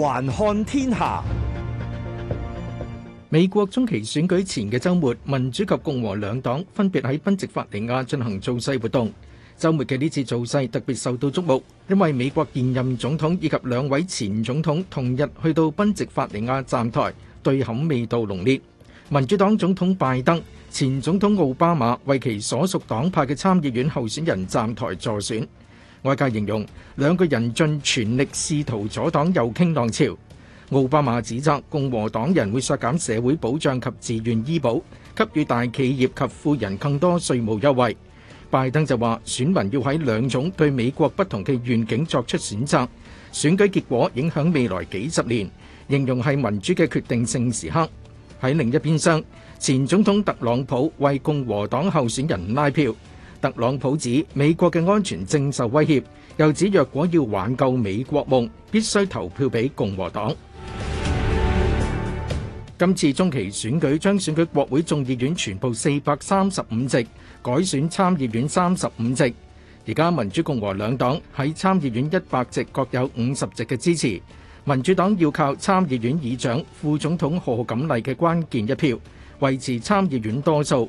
環看天下，美國中期選舉前嘅周末，民主及共和兩黨分別喺賓夕法尼亞進行造勢活動。周末嘅呢次造勢特別受到矚目，因為美國現任總統以及兩位前總統同日去到賓夕法尼亞站台，對撼味道濃烈。民主黨總統拜登、前總統奧巴馬為其所屬黨派嘅參議院候選人站台助選。外界形容兩個人盡全力試圖阻擋右傾浪潮。奧巴馬指責共和黨人會削減社會保障及自願醫保，給予大企業及富人更多稅務優惠。拜登就話選民要喺兩種對美國不同嘅願景作出選擇。選舉結果影響未來幾十年，形容係民主嘅決定性時刻。喺另一邊廂，前總統特朗普為共和黨候選人拉票。特朗普指美國嘅安全正受威脅，又指若果要挽救美國夢，必須投票俾共和黨。今次中期選舉將選舉國會眾議院全部四百三十五席，改選參議院三十五席。而家民主共和兩黨喺參議院一百席各有五十席嘅支持，民主黨要靠參議院議長、副總統賀錦麗嘅關鍵一票，維持參議院多數。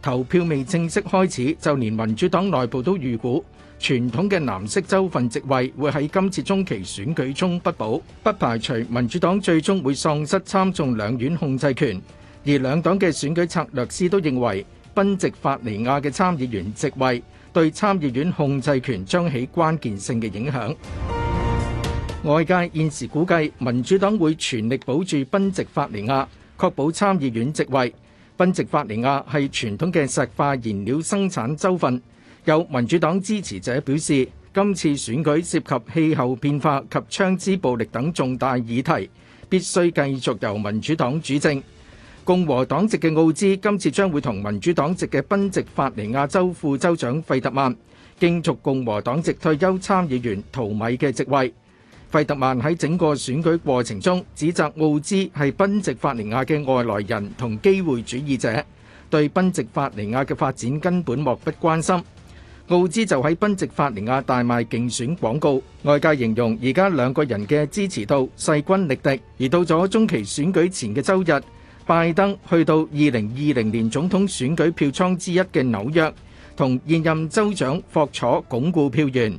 投票未正式開始，就連民主黨內部都預估傳統嘅藍色州份席位會喺今次中期選舉中不保，不排除民主黨最終會喪失參眾兩院控制權。而兩黨嘅選舉策略師都認為，賓夕法尼亞嘅參議員席位對參議院控制權將起關鍵性嘅影響。外界現時估計，民主黨會全力保住賓夕法尼亞，確保參議院席位。賓夕法尼亞係傳統嘅石化燃料生產州份，有民主黨支持者表示，今次選舉涉及氣候變化及槍支暴力等重大議題，必須繼續由民主黨主政。共和黨籍嘅奧茲今次將會同民主黨籍嘅賓夕法尼亞州副州長費特曼競逐共和黨籍退休參議員陶米嘅職位。費特曼喺整個選舉過程中，指責奧茲係賓夕法尼亞嘅外來人同機會主義者，對賓夕法尼亞嘅發展根本漠不關心。奧茲就喺賓夕法尼亞大賣競選廣告，外界形容而家兩個人嘅支持度勢均力敵。而到咗中期選舉前嘅週日，拜登去到2020年總統選舉票倉之一嘅紐約，同現任州長霍楚鞏固票源。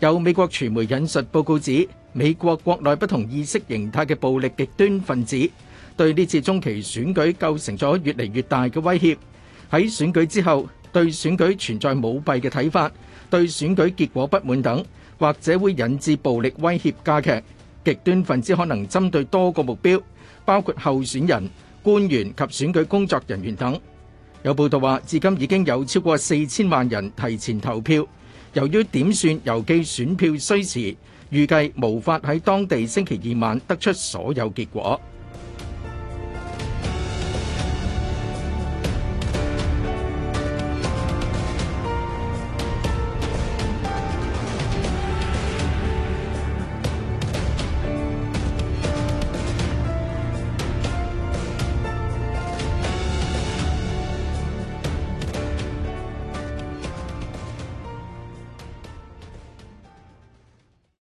有美國傳媒引述報告指，美國國內不同意識形態嘅暴力極端分子對呢次中期選舉構成咗越嚟越大嘅威脅。喺選舉之後，對選舉存在舞弊嘅睇法、對選舉結果不滿等，或者會引致暴力威脅加劇。極端分子可能針對多個目標，包括候選人、官員及選舉工作人員等。有報道話，至今已經有超過四千萬人提前投票。由於點算郵寄選票需時，預計無法喺當地星期二晚得出所有結果。